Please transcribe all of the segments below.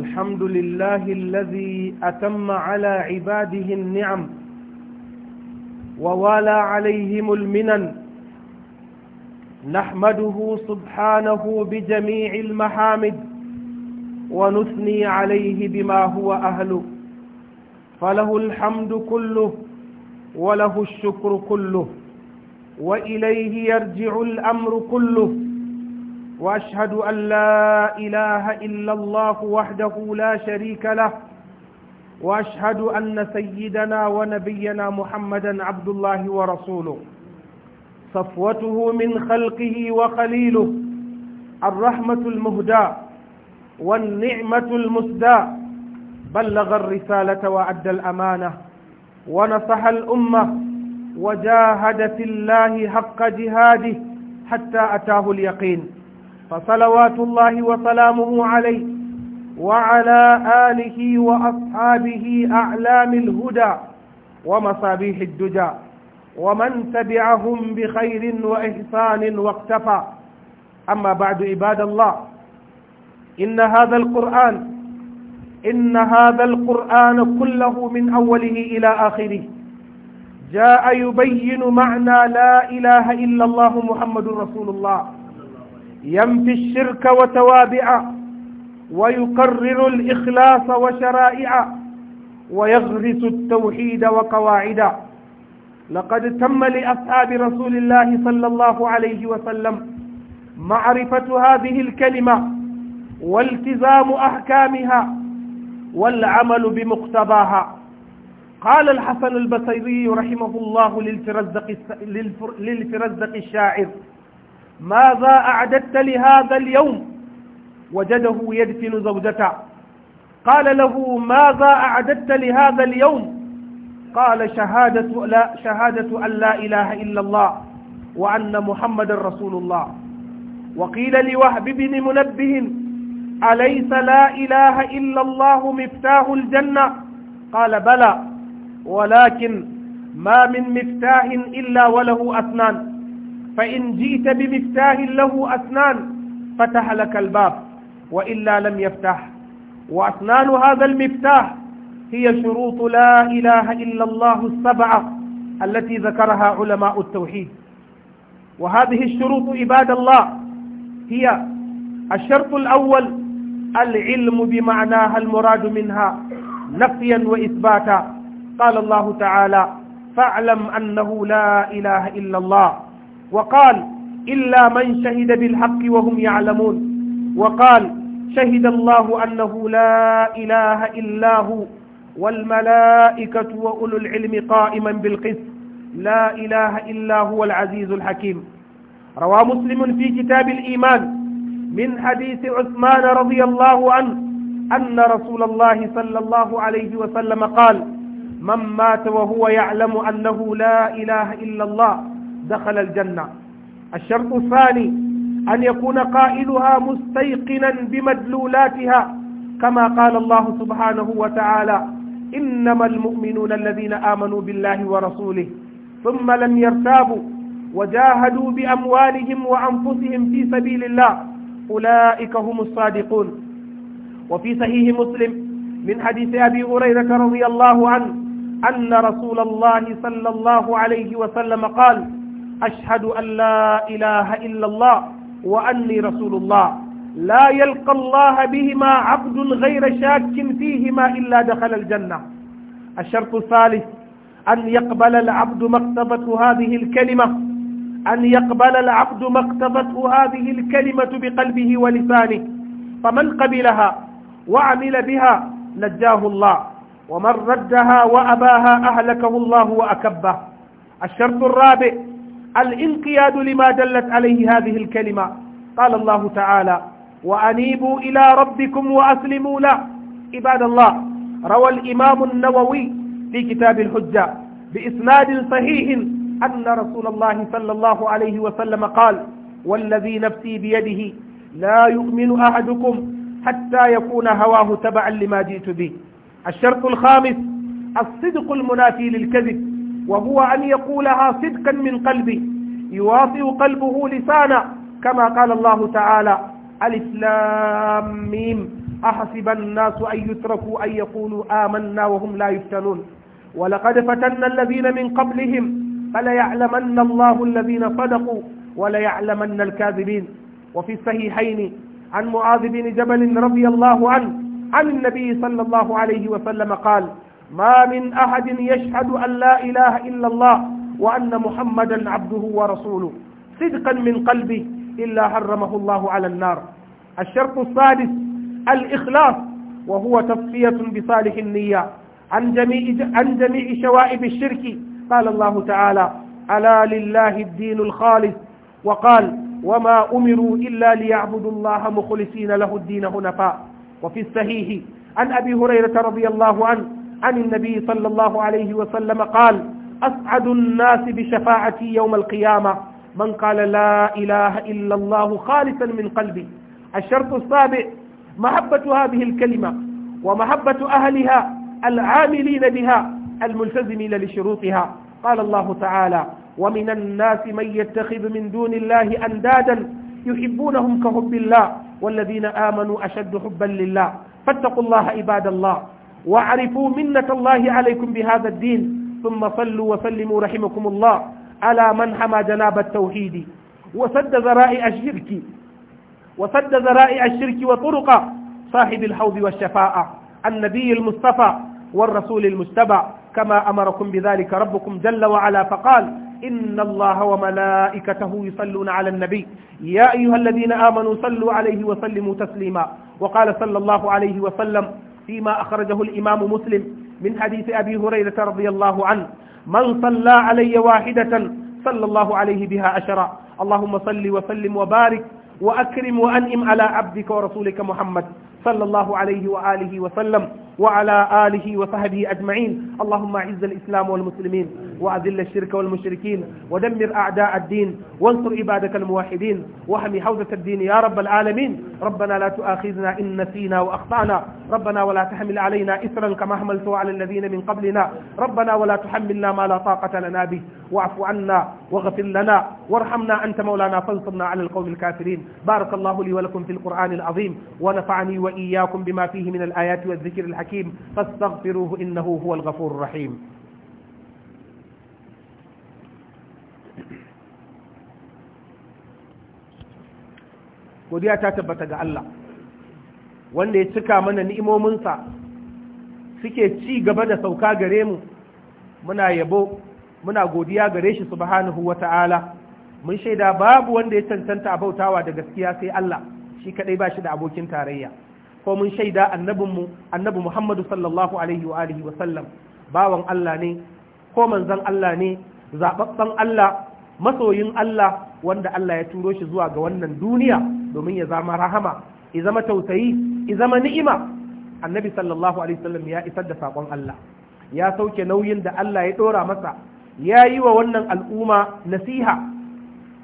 الحمد لله الذي أتم على عباده النعم ووالى عليهم المنن نحمده سبحانه بجميع المحامد ونثني عليه بما هو أهله فله الحمد كله وله الشكر كله وإليه يرجع الأمر كله وأشهد أن لا إله إلا الله وحده لا شريك له وأشهد أن سيدنا ونبينا محمدا عبد الله ورسوله صفوته من خلقه وخليله الرحمة المهداة والنعمة المسداة بلغ الرسالة وأدى الأمانة ونصح الأمة وجاهد في الله حق جهاده حتى أتاه اليقين فصلوات الله وسلامه عليه وعلى آله وأصحابه أعلام الهدى ومصابيح الدجى ومن تبعهم بخير وإحسان واقتفى أما بعد عباد الله إن هذا القرآن إن هذا القرآن كله من أوله إلى آخره جاء يبين معنى لا إله إلا الله محمد رسول الله ينفي الشرك وتوابعه ويقرر الإخلاص وشرائعه ويغرس التوحيد وقواعده لقد تم لأصحاب رسول الله صلى الله عليه وسلم معرفة هذه الكلمة والتزام أحكامها والعمل بمقتضاها قال الحسن البصيري رحمه الله للفرزدق, للفرزدق الشاعر ماذا أعددت لهذا اليوم وجده يدفن زوجته قال له ماذا أعددت لهذا اليوم قال شهادة, لا شهادة أن لا إله إلا الله وأن محمد رسول الله وقيل لوهب بن منبه أليس لا إله إلا الله مفتاح الجنة قال بلى ولكن ما من مفتاح إلا وله أثنان فإن جئت بمفتاح له أسنان فتح لك الباب وإلا لم يفتح وأسنان هذا المفتاح هي شروط لا إله إلا الله السبعة التي ذكرها علماء التوحيد وهذه الشروط عباد الله هي الشرط الأول العلم بمعناها المراد منها نفيا وإثباتا قال الله تعالى فاعلم أنه لا إله إلا الله وقال إلا من شهد بالحق وهم يعلمون وقال شهد الله أنه لا إله إلا هو والملائكة وأولو العلم قائما بالقسط لا إله إلا هو العزيز الحكيم روى مسلم في كتاب الإيمان من حديث عثمان رضي الله عنه أن رسول الله صلى الله عليه وسلم قال من مات وهو يعلم أنه لا إله إلا الله دخل الجنة الشرط الثاني أن يكون قائلها مستيقنا بمدلولاتها كما قال الله سبحانه وتعالى إنما المؤمنون الذين آمنوا بالله ورسوله ثم لم يرتابوا وجاهدوا بأموالهم وأنفسهم في سبيل الله أولئك هم الصادقون وفي صحيح مسلم من حديث أبي هريرة رضي الله عنه أن رسول الله صلى الله عليه وسلم قال أشهد أن لا إله إلا الله وأني رسول الله لا يلقى الله بهما عبد غير شاك فيهما إلا دخل الجنة الشرط الثالث أن يقبل العبد ما اقتضته هذه الكلمة أن يقبل العبد ما اقتضته هذه الكلمة بقلبه ولسانه فمن قبلها وعمل بها نجاه الله ومن ردها وأباها أهلكه الله وأكبه الشرط الرابع الانقياد لما دلت عليه هذه الكلمة قال الله تعالى وأنيبوا إلى ربكم وأسلموا له عباد الله روى الإمام النووي في كتاب الحجة بإسناد صحيح أن رسول الله صلى الله عليه وسلم قال والذي نفسي بيده لا يؤمن أحدكم حتى يكون هواه تبعا لما جئت به الشرط الخامس الصدق المنافي للكذب وهو أن يقولها صدقا من قلبه يواطئ قلبه لسانه كما قال الله تعالى الإسلام ميم أحسب الناس أن يتركوا أن يقولوا آمنا وهم لا يفتنون ولقد فتنا الذين من قبلهم فليعلمن الله الذين صدقوا وليعلمن الكاذبين وفي الصحيحين عن معاذ بن جبل رضي الله عنه عن النبي صلى الله عليه وسلم قال ما من أحد يشهد أن لا إله إلا الله وأن محمدا عبده ورسوله صدقا من قلبه إلا حرمه الله على النار الشرط السادس الإخلاص وهو تصفية بصالح النية عن جميع عن جميع شوائب الشرك قال الله تعالى ألا لله الدين الخالص وقال وما أمروا إلا ليعبدوا الله مخلصين له الدين هنفاء وفي الصحيح عن أبي هريرة رضي الله عنه عن النبي صلى الله عليه وسلم قال أسعد الناس بشفاعتي يوم القيامة من قال لا إله إلا الله خالصا من قلبي الشرط السابع محبة هذه الكلمة ومحبة أهلها العاملين بها الملتزمين لشروطها قال الله تعالى ومن الناس من يتخذ من دون الله أندادا يحبونهم كحب الله والذين آمنوا أشد حبا لله فاتقوا الله عباد الله واعرفوا منة الله عليكم بهذا الدين ثم صلوا وسلموا رحمكم الله على من حمى جناب التوحيد وسد ذرائع الشرك وسد ذرائع الشرك وطرق صاحب الحوض والشفاعة النبي المصطفى والرسول المجتبى كما أمركم بذلك ربكم جل وعلا فقال إن الله وملائكته يصلون على النبي يا أيها الذين آمنوا صلوا عليه وسلموا تسليما وقال صلى الله عليه وسلم فيما أخرجه الإمام مسلم من حديث أبي هريرة رضي الله عنه من صلى علي واحدة صلى الله عليه بها أشرا اللهم صل وسلم وبارك وأكرم وأنئم على عبدك ورسولك محمد صلى الله عليه وآله وسلم وعلى آله وصحبه أجمعين اللهم أعز الإسلام والمسلمين وأذل الشرك والمشركين ودمر أعداء الدين وانصر عبادك الموحدين وحمي حوزة الدين يا رب العالمين ربنا لا تؤاخذنا إن نسينا وأخطأنا ربنا ولا تحمل علينا إثرا كما حملت على الذين من قبلنا ربنا ولا تحملنا ما لا طاقة لنا به واعف عنا واغفر لنا وارحمنا أنت مولانا فانصرنا على القوم الكافرين بارك الله لي ولكم في القرآن العظيم ونفعني وإياكم بما فيه من الآيات والذكر الحكيم الحكيم فاستغفروه إنه هو الغفور الرحيم godiya ta tabbata ga Allah wanda ya cika mana ni'imominsa suke ci gaba da sauka gare mu muna yabo muna godiya gare shi subhanahu wata'ala mun shaida babu wanda ya cancanta abautawa da gaskiya sai Allah shi kadai ba shi da abokin tarayya ko mun shaida annabinmu annabi Muhammadu sallallahu alaihi wa alihi bawan Allah ne ko manzon Allah ne zababban Allah masoyin Allah wanda Allah ya turo shi zuwa ga wannan duniya domin ya zama rahama ya zama tausayi ya zama ni'ima annabi sallallahu alaihi wasallam ya isar da saƙon Allah ya sauke nauyin da Allah ya ɗora masa ya yi wa wannan al'umma nasiha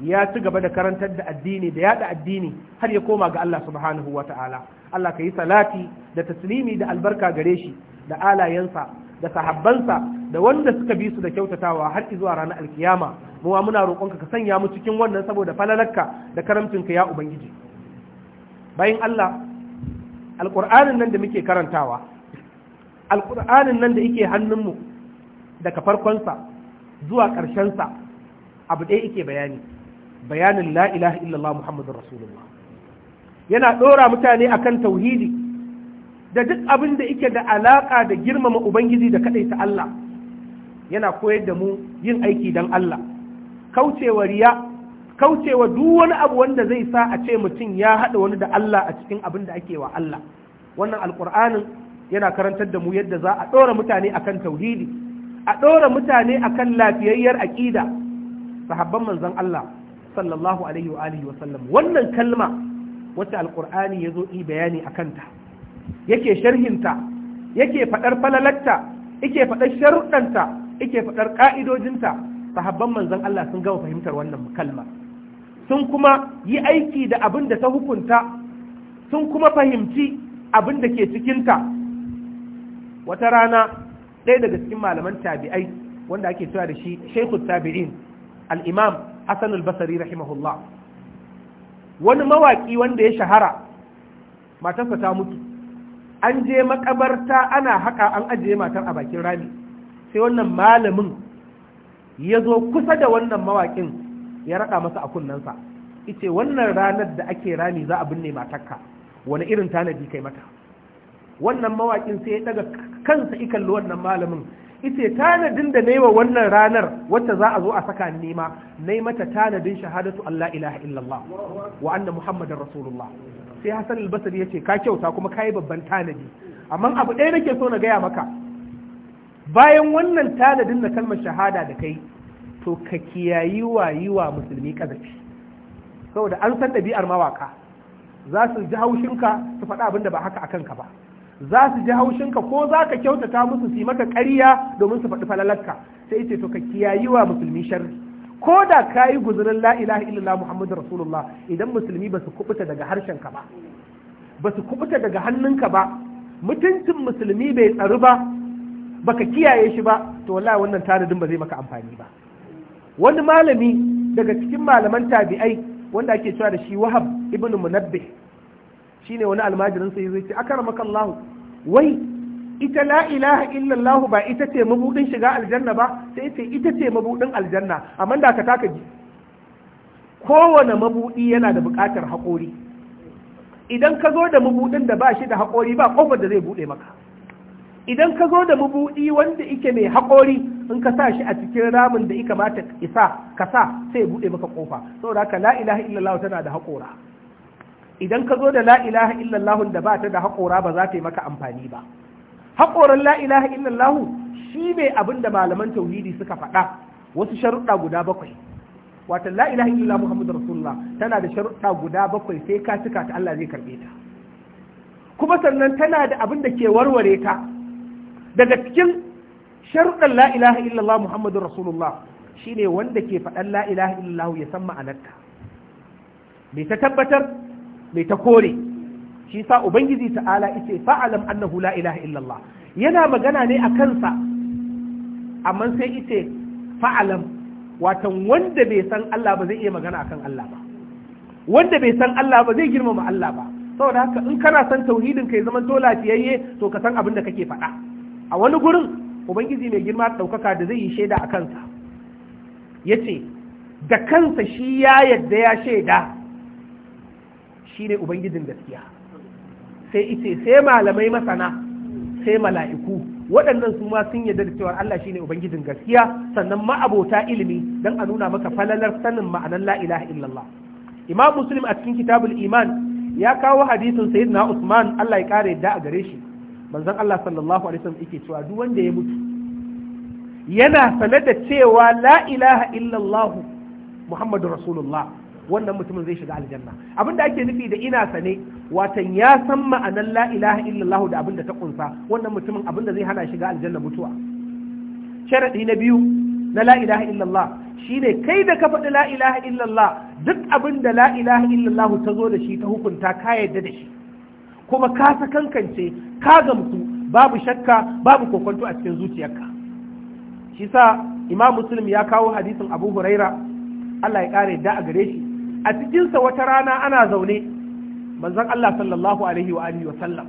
ya ci gaba da karantar da addini da yada addini har ya koma ga Allah subhanahu wa ta'ala Allah ka yi salati da taslimi da albarka gare shi da alayensa da sahabbansa da wanda suka bi su da kyautatawa har zuwa ranar alkiyama mu muna roƙonka ka sanya mu cikin wannan saboda falalarka da karamcinka ya ubangiji bayan Allah alqur'anin nan da muke karantawa alƙur'anin nan da yake hannunmu daga farkonsa zuwa ƙarshensa abu ɗaya yake bayani bayanin la ilaha illallah muhammadur rasulullah yana ɗora mutane akan tauhidi da duk abin da yake da alaƙa da girmama ubangiji da kaɗai ta Allah yana koyar da mu yin aiki don Allah kaucewa riya kaucewa duk wani abu wanda zai sa a ce mutum ya haɗa wani da Allah a cikin abin da ake wa Allah wannan alƙur'anin yana karantar da mu yadda za a ɗora mutane akan tauhidi a ɗora mutane akan lafiyayyar aƙida sahabban manzon Allah sallallahu alaihi wa alihi wa sallam wannan kalma wacce alqur'ani yazo yi bayani akan ta yake sharhinta yake fadar falalatta yake fadar sharuɗanta yake fadar ka'idojinta sahabban manzon Allah sun gama fahimtar wannan kalma sun kuma yi aiki da abin da ta hukunta sun kuma fahimci abin da ke cikinta wata rana ɗaya daga cikin malaman tabi'ai wanda ake cewa da shi shaikhut tabi'in al-imam Hassan al-basri rahimahullah wani mawaki wanda ya shahara matarsa ta mutu an je makabarta ana haka an ajiye matar a bakin rami sai wannan malamin ya zo kusa da wannan mawaƙin ya raka masa a sa ice wannan ranar da ake rami za a binne matarka wani irin tanadi kai mata wannan mawakin sai ya daga kansa ikalli wannan malamin ita tanadin da naiwa wannan ranar wacce za a zo a saka nema nai mata tanadin shahadatu Allah ilaha illallah wa anna muhammadar rasulullah sai Hassan al ya yace ka kyauta kuma yi babban tanadi amma abu ɗaya nake so na gaya maka bayan wannan tanadin na kalmar shahada da kai to ka kiyayi wayiwa musulmi kazafi saboda an san ɗabi'ar mawaka za su ji haushinka su faɗa abin da ba haka akan ka ba za su ji haushinka ko za ka kyautata musu su yi maka ƙariya domin su faɗi falalarka sai ce to ka kiyayi wa musulmi sharri ko da ka yi guzurin la ilaha illallah muhammadu rasulullah idan musulmi ba su kubuta daga harshenka ba ba su kubuta daga hannun ka ba mutuncin musulmi bai tsaru ba baka kiyaye shi ba to wallahi wannan tanadin ba zai maka amfani ba wani malami daga cikin malaman tabi'ai wanda ake cewa da shi wahab ibn munabbih shine wani almajirin sai zai ce akramaka Allah wai ita la ilaha Lahu ba ita ce mabudin shiga aljanna ba sai ce ita ce mabudin aljanna amma da ka taka ji kowane mabudi yana da buƙatar haƙori idan ka zo da mabudin da ba shi da haƙori ba ƙofar da zai buɗe maka idan ka zo da mabudi wanda ike mai haƙori in ka sa shi a cikin ramin da ika mata isa ka sa sai buɗe maka ƙofa saboda ka la ilaha illallah tana da haƙora idan ka zo da la ilaha illallah da ba ta da haƙora ba za ta yi maka amfani ba haƙoran la ilaha illallah shi ne abin da malaman tauhidi suka faɗa wasu sharuɗa guda bakwai wata la ilaha illallah muhammadu rasulullah tana da sharuɗa guda bakwai sai ka cika ta Allah zai karɓe ta kuma sannan tana da abin da ke warware ta daga cikin sharuɗan la ilaha illallah muhammadu rasulullah shine wanda ke faɗan la ilaha illallah ya san ma'anarta me ta tabbatar mai ta kore shi sa ubangiji ta'ala yace fa'alam annahu la ilaha illallah yana magana ne a kansa amma sai yace fa'alam watan wanda bai san Allah ba zai iya magana akan Allah ba wanda bai san Allah ba zai girmama Allah ba saboda haka in kana san tauhidin kai zaman dola to lafiyayye to ka san abin da kake faɗa a wani gurin ubangiji mai girma ɗaukaka da zai yi shaida a kansa ya ce da kansa shi ya yadda ya shaida shine ubangijin gaskiya sai ice sai malamai masana sai mala'iku waɗannan su ma sun yarda da cewa Allah shine ubangijin gaskiya sannan ma'abota ilimi don a nuna maka falalar sanin ma'anar la'ilaha illallah imam muslim a cikin kitabul iman ya kawo hadisin sayyidina usman Allah ya kare yadda a gare shi manzon Allah sallallahu alaihi wasallam yake cewa duk wanda ya mutu yana sanar da cewa la ilaha illallah muhammadur rasulullah wannan mutumin zai shiga aljanna abin da ake nufi da ina sane watan ya san ma'anar la ilaha illallah da abin da ta kunsa wannan mutumin abin da zai hana shiga aljanna mutuwa sharadi na biyu na la ilaha illallah shine kai da ka faɗi la ilaha illallah duk abin da la ilaha illallah ta zo da shi ta hukunta ka yadda da shi kuma ka sa kankance, ka gamsu babu shakka babu kokonto a cikin zuciyarka shi sa imam muslim ya kawo hadisin abu huraira Allah ya kare da a gare shi a cikinsa wata rana ana zaune manzon Allah sallallahu alaihi wa alihi wa sallam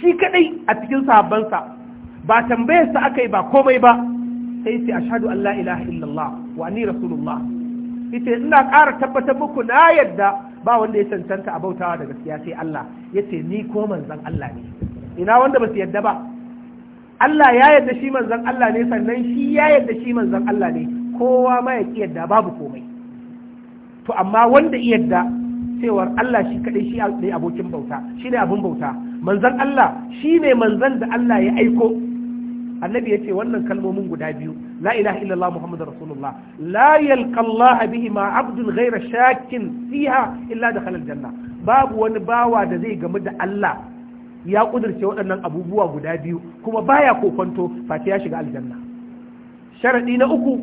shi kadai a cikin sahabbansa ba tambayarsa aka yi ba komai ba sai sai ashhadu an la ilaha illallah wa anni rasulullah yace ina ƙara tabbatar muku na yadda ba wanda ya cancanta a bautawa da gaskiya sai Allah yace ni ko manzon Allah ne ina wanda ba su yadda ba Allah ya yadda shi manzon Allah ne sannan shi ya yadda shi manzon Allah ne kowa ma ya yadda babu komai to amma wanda yadda cewar Allah shi kaɗai shi ne abokin bauta shi ne abin bauta manzan Allah shi ne manzan da Allah ya aiko annabi ya ce wannan kalmomin guda biyu la ilaha illallah Muhammadu rasulullah la yalqallah bihi ma abdun ghayra shakin fiha illa dakhala aljanna babu wani bawa da zai gamu da Allah ya kudirce waɗannan abubuwa guda biyu kuma baya kokonto face ya shiga aljanna sharadi na uku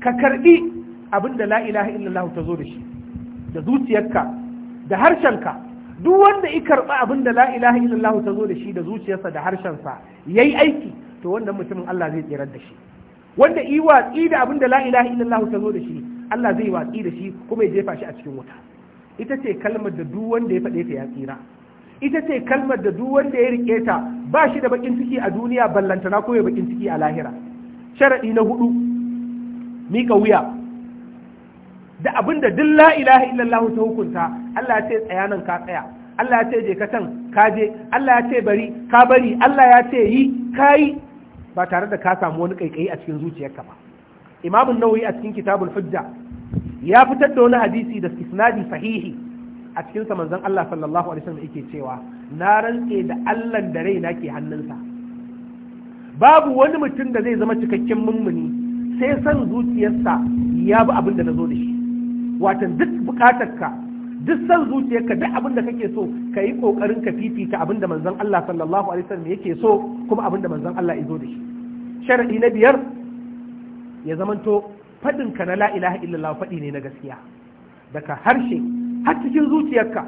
ka karbi Abin da la'ilaha illallah ta zo da shi da zuciyarka da harshenka duk wanda i karba abin da la'ilaha illallah ta zo da shi da zuciyarsa da harshensa yi aiki to wannan mutumin Allah zai tsirar da shi wanda i watsi da abin da la'ilaha illallah ta zo da shi Allah zai watsi da shi kuma ya jefa shi a cikin wuta ita ce kalmar da duk wanda ya faɗe ta ya tsira ita ce kalmar da duk wanda ya riƙe ta ba shi da bakin ciki a duniya ballantana ko ya bakin ciki a lahira Sharaɗi na hudu miƙa wuya da abin da duk la ilaha illallah ta hukunta Allah ya ce tsaya nan ka tsaya Allah ya ce je ka can ka je Allah ya ce bari ka bari Allah ya ce yi ka yi ba tare da ka samu wani kaikayi a cikin zuciyarka ba Imamin nawawi a cikin kitabul hujja ya fitar da wani hadisi da isnadi sahihi a cikin sa manzon Allah sallallahu alaihi wasallam yake cewa na rantse da Allah da raina ke hannunsa babu wani mutum da zai zama cikakken mummuni sai san zuciyarsa ya bi abin da nazo da shi watan duk bukatarka duk san zuciyarka duk abin da kake so ka yi kokarin ka fifita abin da manzon Allah sallallahu alaihi wasallam yake so kuma abin da manzon Allah ya zo da shi sharadi na biyar ya zamanto fadin ka na la ilaha illallah fadi ne na gaskiya daga harshe har cikin zuciyarka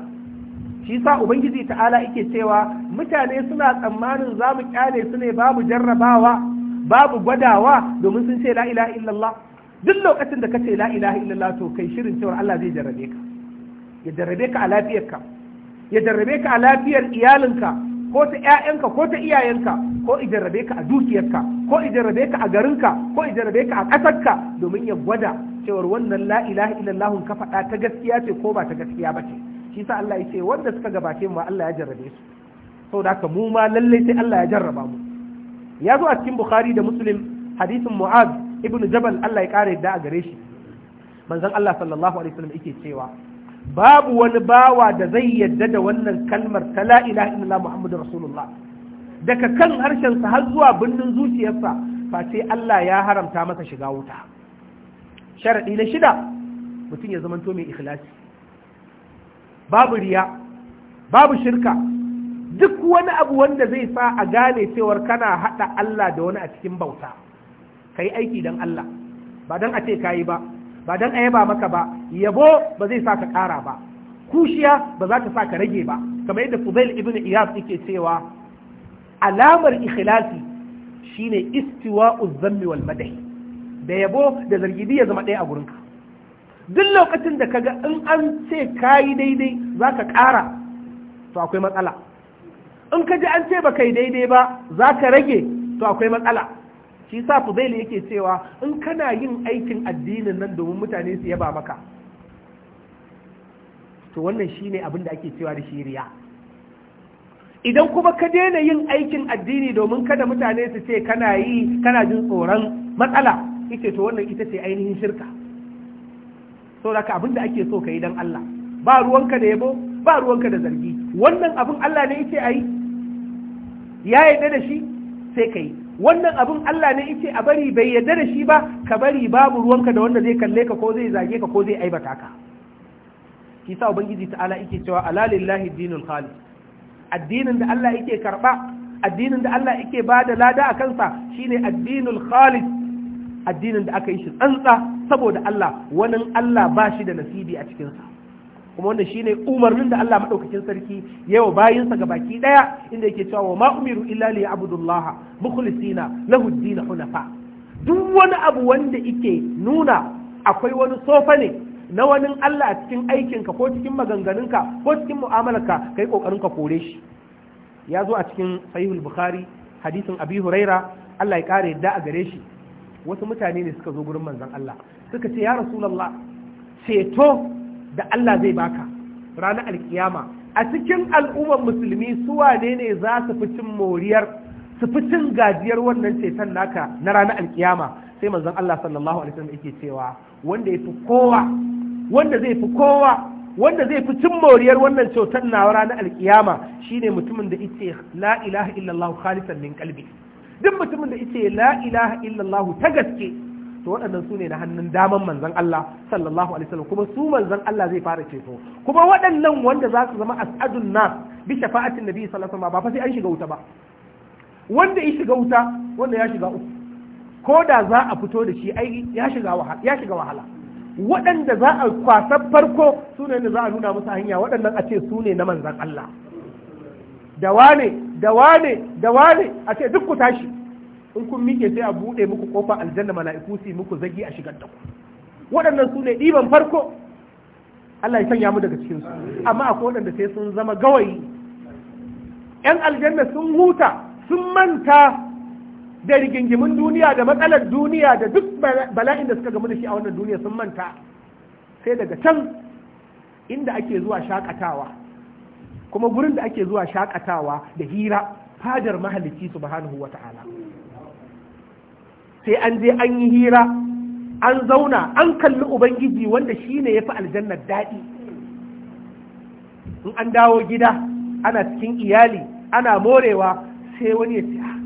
shi sa ubangiji ta'ala yake cewa mutane suna tsammanin zamu mu kyale su ne babu jarrabawa babu gwadawa domin sun ce la ilaha illallah duk lokacin da kace la ilaha illallah to kai shirin cewa Allah zai jarrabe ka ya jarrabe ka a lafiyarka ya jarrabe ka a lafiyar iyalinka ko ta ƴaƴanka ko ta iyayenka ko i jarrabe ka a dukiyarka ko i jarrabe ka a garinka ko i jarrabe ka a ƙasarka domin ya gwada cewar wannan la ilaha illallah ka faɗa ta gaskiya ce ko ba ta gaskiya ba ce shi sa Allah ya ce wanda suka gabace mu Allah ya jarrabe su saboda haka mu ma lalle sai Allah ya jarraba mu ya zo a cikin Bukhari da Muslim hadisin mu'ad. ibnu jabal Allah ya kare da a gare shi manzon Allah sallallahu alaihi wasallam yake cewa babu wani bawa da zai yadda da wannan kalmar ta la ilaha illallah muhammadur rasulullah daga kan harshensa har zuwa birnin zuciyarsa face Allah ya haramta masa shiga wuta sharadi na shida mutum ya zamanto mai ikhlasi babu riya babu shirka duk wani abu wanda zai sa a gane cewar kana hada Allah da wani a cikin bauta ka yi aiki don Allah ba don a ce ka yi ba ba don ayaba maka ba yabo ba zai sa ka ƙara ba kushiya ba za ta sa ka rage ba kamar yadda fubail ibn iyas yake cewa alamar ikhlasi shine istiwa'u zammi wal madahi da yabo da zargidi ya zama ɗaya a gurinka duk lokacin da kaga in an ce yi daidai za ka ƙara to akwai matsala in ka ji an ce ba kai daidai ba za ka rage to akwai matsala shi sa fuzaili yake cewa in kana yin aikin addinin nan domin mutane su yaba maka to wannan shine abin da ake cewa da shiriya idan kuma ka daina yin aikin addini domin kada mutane su ce kana yi kana jin tsoron matsala ita to wannan ita ce ainihin shirka saboda abin da ake so ka yi dan Allah ba ruwanka da yabo ba ruwanka da zargi wannan abin Allah ne yake ayi ya yarda da shi sai ka yi wannan abin Allah ne yake a bari bai yarda da shi ba ka bari babu ruwanka da wanda zai kalle ka ko zai zage ka ko zai aibata ka shi sa ubangiji ta'ala yake cewa ala lillahi dinul khalis addinin da Allah yake karba addinin da Allah yake bada lada a kansa shine addinul khalis addinin da aka yi shi tsantsa saboda Allah wani Allah ba shi da nasibi a cikinsa kuma wanda ne umarnin da Allah madaukakin sarki yawa bayinsa ga baki ɗaya inda yake cewa wa ma umiru illa li abudullaha mukhlisina lahu ad-din hunafa duk wani abu wanda yake nuna akwai wani sofa ne na wani Allah a cikin aikinka ko cikin maganganunka ko cikin mu'amalarka kai kokarin ka kore shi ya zo a cikin sahihul bukhari hadisin abi huraira Allah ya kare yadda a gare shi wasu mutane ne suka zo gurin manzon Allah suka ce ya rasulullah ceto da Allah zai baka ranar alkiyama a cikin al'ummar musulmi su wane ne za su fi cin moriyar su fi cin gajiyar wannan ceton naka na ranar alkiyama sai manzon Allah sallallahu alaihi wasallam yake cewa wanda ya fi kowa wanda zai fi kowa wanda zai fi cin moriyar wannan ceton na ranar alkiyama shine mutumin da yake la ilaha illallah khalisan min qalbi duk mutumin da yake la ilaha illallah ta gaske to waɗannan su ne na hannun daman manzan Allah sallallahu alaihi wasallam kuma su manzan Allah zai fara ceto kuma waɗannan wanda za su zama as'adun nas bi shafa'atin nabi sallallahu alaihi wasallam ba fa sai an shiga wuta ba wanda ya shiga wuta wanda ya shiga uku ko da za a fito da shi ai ya shiga wahala ya shiga wahala waɗanda za a kwasa farko su ne za a nuna musu hanya waɗannan a ce su ne na manzan Allah da wane da wane da wane a ce duk ku tashi in kun miƙe sai a buɗe muku kofa aljanna mala'iku su muku zagi a shigar da ku waɗannan su ne ɗiban farko Allah ya sanya mu daga cikin su amma akwai waɗanda sai sun zama gawayi ƴan aljanna sun huta sun manta da rigingimin duniya da matsalar duniya da duk bala'in da suka gamu da shi a wannan duniya sun manta sai daga can inda ake zuwa shakatawa kuma gurin da ake zuwa shakatawa da hira fadar mahalicci subhanahu wata'ala sai an je an yi hira an zauna an kalli ubangiji wanda shi ne ya fi aljannar daɗi in an dawo gida ana cikin iyali ana morewa sai wani ya ce ah,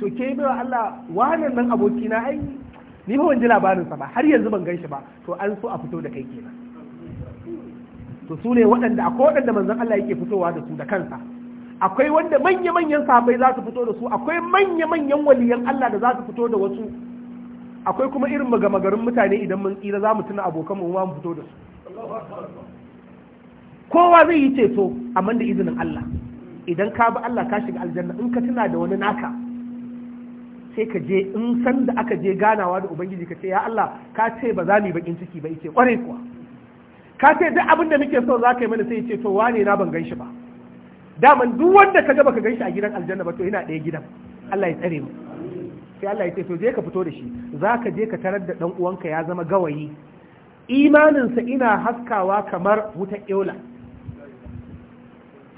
to ke bai Allah wannan nan abokina ai ni ba ban labarinsa ba har yanzu ban gan shi ba to an so a fito da kai kenan to su ne waɗanda akwai waɗanda manzon Allah yake fitowa da su da kansa akwai wanda manya-manyan sahabbai za su fito da su akwai manya-manyan waliyan Allah da za su fito da wasu akwai kuma irin magamagarin mutane idan mun tsira za mu tuna abokan mu mu fito da su kowa zai yi ceto amma da izinin Allah idan ka bi Allah ka shiga aljanna in ka tuna da wani naka sai ka je in san da aka je ganawa da ubangiji ka ce ya Allah ka ce ba za mu yi bakin ciki ba yace kware kuwa ka ce duk abin da muke so za ka yi mana sai ya ce to wane na ban gan shi ba daman duk wanda ka ga ka gan shi a gidan aljanna ba to yana ɗaya gidan Allah ya tsare mu sai Allah ya ce to je ka fito da shi za ka je ka tarar da dan uwanka ya zama gawayi imaninsa ina haskawa kamar wuta ƙyola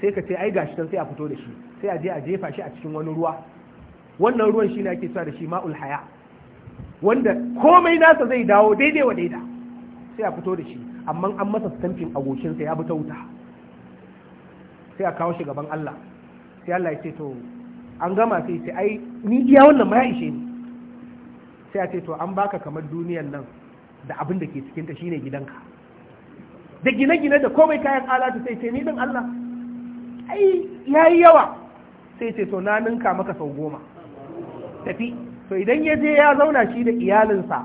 sai ka ce ai gashi dan sai a fito da shi sai a je a jefa shi a cikin wani ruwa wannan ruwan shi ne ake sa da shi ma'ul haya wanda komai nasa zai dawo daidai wa daida sai a fito da shi amma an masa stamping a goshinsa ya bi ta wuta sai a kawo shi gaban Allah sai Allah ya ce to an gama sai ce ai ni iya wannan ma ishe ni sai a ce to an baka kamar duniyan nan da abin da ke cikin ta shine gidanka da gine-gine da komai kayan alatu sai ce ni din Allah ai yayi yawa sai ce to na ninka maka sau goma tafi to idan ya je ya zauna shi da iyalinsa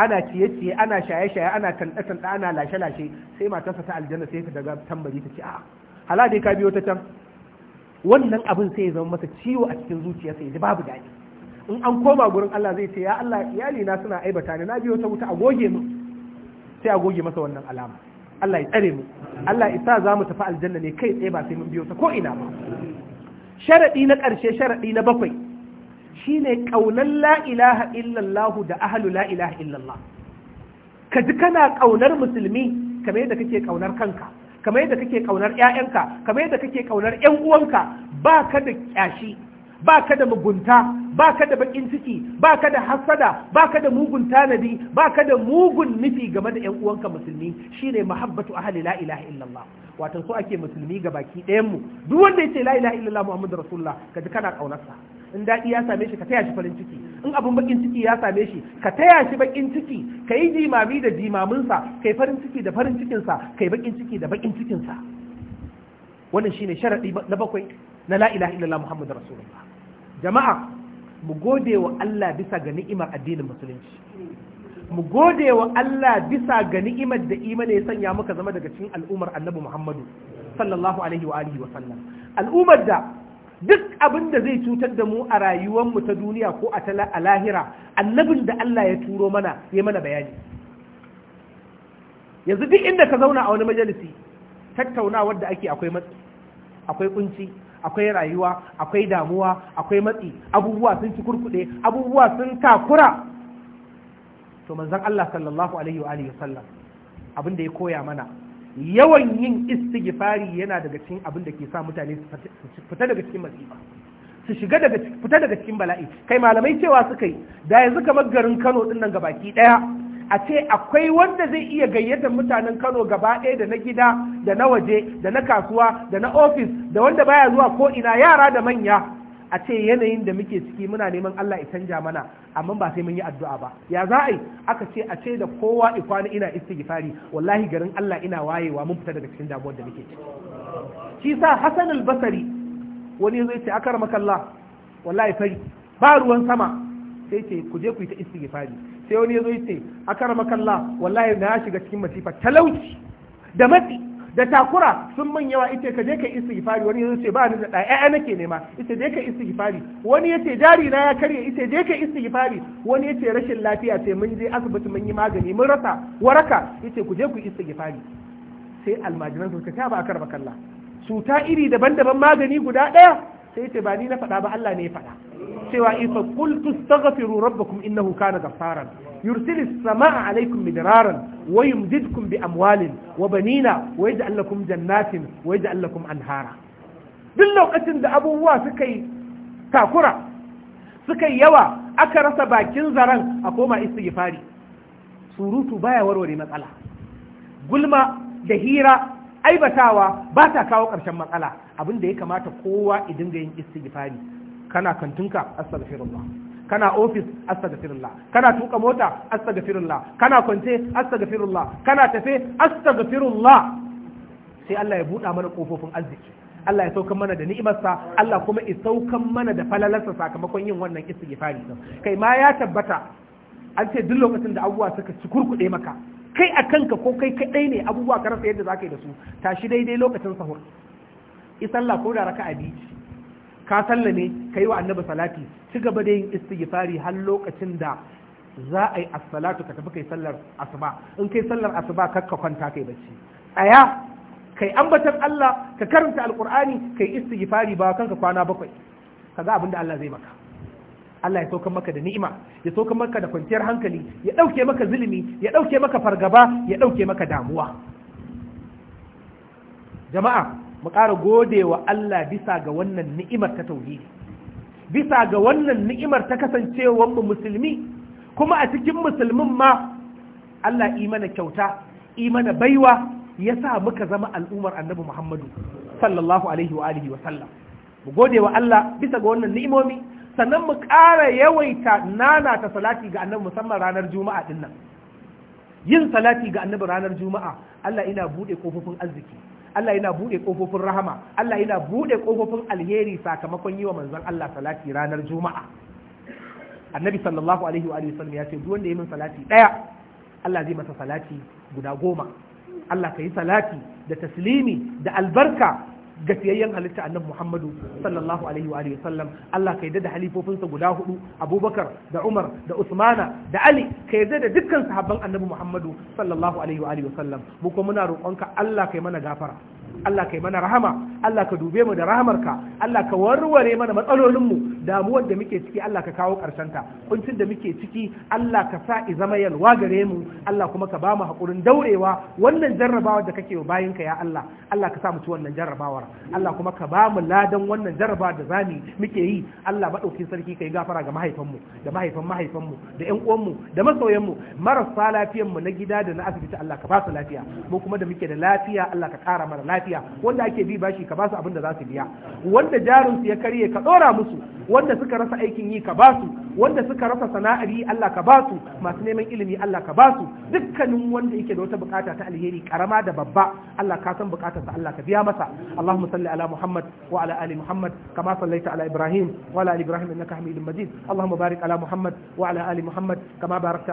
ana ciye-ciye ana shaye-shaye ana tanɗa-tanɗa ana lashe-lashe sai matarsa ta aljanna sai ta daga tambari ta ce a'a halade ka biyo ta can wannan abin sai ya zama masa ciwo a cikin sai ya ji babu daɗi in an koma gurin Allah zai ce ya Allah iyali na suna aibata ne na biyo ta wuta a goge mu sai a goge masa wannan alama Allah ya tsare mu Allah ya sa za tafi aljanna ne kai tsaye ba sai mun biyo ta ko ina ba sharadi na karshe sharadi na bakwai shine kaunan la ilaha illallah da ahlu la ilaha illallah ka kana kaunar musulmi kamar yadda kake kaunar kanka kamar yadda kake kaunar ƴaƴanka kamar yadda kake kaunar ƴan uwanka ba ka da kyashi ba ka da mugunta ba ka da bakin ciki ba ka da hasada ba ka da mugun tanadi ba ka da mugun nufi game da ƴan uwanka musulmi shine mahabbatu ahli la ilaha illallah wato so ake musulmi ga baki ɗayan mu duk wanda yace la ilaha illallah muhammadu rasulullah kaji kana kaunarsa in daɗi ya same shi ka taya shi farin ciki in abin bakin ciki ya same shi ka taya shi bakin ciki ka yi jimami da jimaminsa ka yi farin ciki da farin cikinsa ka yi bakin ciki da bakin cikinsa wannan shine sharadi na bakwai na la ilaha illallah muhammadu rasulullah jama'a mu gode wa Allah bisa ga ni'imar addinin musulunci mu gode wa Allah bisa ga ni'imar da imani ya sanya muka zama daga cikin al'ummar annabi muhammadu sallallahu alaihi wa alihi wa sallam al'ummar da duk abin da zai cutar da mu a rayuwar mu ta duniya ko a lahira annabin da Allah ya turo mana ya mana bayani yanzu duk inda ka zauna a wani majalisi tattaunawar da ake akwai matsi akwai kunci akwai rayuwa akwai damuwa akwai matsi abubuwa sun ci kurkuɗe abubuwa sun takura to manzon Allah sallallahu alaihi wa alihi sallam abin da ya koya mana yawan yin istighfari yana daga cikin abin da ke sa mutane su fita daga cikin masifa su shiga daga fita daga cikin bala'i kai malamai cewa suka yi da yanzu kamar garin Kano din nan gabaki daya a ce akwai wanda zai iya gayyata mutanen Kano gaba ɗaya da na gida da na waje da na kasuwa da na ofis da wanda baya zuwa ko ina yara da manya a ce yanayin da muke ciki muna neman Allah ya canja mana amma ba sai mun yi addu'a ba ya za a yi aka ce a ce da kowa ikwana ina istighfari wallahi garin Allah ina wayewa mun fita daga cikin damuwar da muke ciki shi sa Hassan al-Basri wani zai ce akar makalla wallahi fari ba ruwan sama sai ce ku je ku yi ta istighfari sai wani ya ce akar makalla wallahi na shiga cikin masifa talauci da matsi da takura sun man yawa ita ka je ka istighfari wani yazo ce ba ni da ɗaya ƴaƴa nake nema ita je ka istighfari wani yace jari na ya karye ita je ka istighfari wani yace rashin lafiya sai mun je asibiti mun yi magani mun rasa waraka yace ku je ku istighfari sai almajiran su ta ba a karba kalla cuta iri daban-daban magani guda ɗaya sai ce ba ni na faɗa ba Allah ne ya faɗa cewa isa qul tastaghfiru rabbakum innahu kana ghaffaran yursilis samaa alaykum midraran wa yumdidkum bi amwalin wa banina wa yaj'al lakum jannatin wa yaj'al lakum anhara duk lokacin da abubuwa suka yi takura suka yi yawa aka rasa bakin zaren a koma istighfari surutu baya warware matsala gulma da hira aibatawa ba ta kawo ƙarshen matsala abin da ya kamata kowa idin ga yin istighfari kana kantinka astaghfirullah kana ofis astaghfirullah kana tuka mota astaghfirullah kana kwance astaghfirullah kana tafe astaghfirullah sai Allah ya buɗa mana kofofin arziki Allah ya saukan mana da ni'imarsa Allah kuma ya saukan mana da falalarsa sakamakon yin wannan istighfari din kai ma ya tabbata an ce duk lokacin da abubuwa suka ci kurkuɗe maka kai a kanka ko kai kaɗai ne abubuwa ka rasa yadda za yi da su tashi daidai lokacin sahur Isalla ko da raka'a biyu ka sallame ka yi wa annabi salati ci gaba da yin istighfari har lokacin da za a yi as-salatu ka tafi kai sallar asuba in kai sallar asuba kar ka kwanta kai bacci tsaya kai ambatar Allah ka karanta alqur'ani kai istighfari ba kanka kwana bakwai kaga abinda Allah zai maka Allah ya saukan maka da ni'ima ya saukan maka da kwanciyar hankali ya ɗauke maka zulumi ya ɗauke maka fargaba ya ɗauke maka damuwa jama'a mu ƙara gode wa Allah bisa ga wannan ni'imar ta tauhidi bisa ga wannan ni'imar ta kasancewar mu musulmi kuma a cikin musulmin ma Allah imana kyauta imana baiwa ya sa muka zama al'ummar annabi Muhammadu sallallahu alaihi wa alihi wa sallam mu gode wa Allah bisa ga wannan ni'imomi sannan mu ƙara yawaita nana ta salati ga annabi musamman ranar juma'a din nan yin salati ga annabi ranar juma'a Allah ina buɗe kofofin arziki Allah yana buɗe ƙofofin rahama Allah yana buɗe ƙofofin alheri sakamakon yi wa manzon Allah salati ranar juma'a annabi sallallahu alaihi wa sallam ya ce duk wanda ya min salati ɗaya Allah zai masa salati guda goma Allah ka yi salati da taslimi da albarka ga fiyayyen halitta annabi Muhammadu sallallahu alaihi wa alihi sallam Allah ka yarda da halifofinsa guda hudu Abubakar da Umar da Usmana da Ali ka yarda da dukkan sahabban annabi Muhammadu sallallahu alaihi wa alihi sallam mu kuma muna roƙonka Allah kai mana gafara Allah ka yi mana rahama Allah ka dube mu da rahamarka Allah ka warware mana matsalolinmu damuwar da muke ciki Allah ka kawo ƙarshenta, kuncin da muke ciki Allah ka sa i zama yalwa gare mu Allah kuma ka ba mu haƙurin daurewa wannan jarrabawar da kake bayan ka ya Allah Allah ka sa mu ci wannan jarrabawar Allah kuma ka ba mu ladan wannan jarrabawar da zamu muke yi Allah maɗaukin sarki ka yi gafara ga mahaifanmu da mahaifan mahaifanmu da ƴan uwanmu da masoyanmu marasa lafiyanmu na gida da na asibiti Allah ka ba su lafiya mu kuma da muke da lafiya Allah ka kara mana lafiya lafiya wanda ake bi bashi ka basu abin da za su biya wanda jarin su ya karye ka dora musu wanda suka rasa aikin yi ka basu wanda suka rasa sana'ar yi Allah ka basu masu neman ilimi Allah ka basu dukkanin wanda yake da wata bukata ta alheri karama da babba Allah ka san bukatarsa Allah ka biya masa Allahumma salli ala Muhammad wa ala ali Muhammad kama sallaita ala Ibrahim wa ala ali Ibrahim innaka Hamidum Majid Allahumma barik ala Muhammad wa ala ali Muhammad kama barakta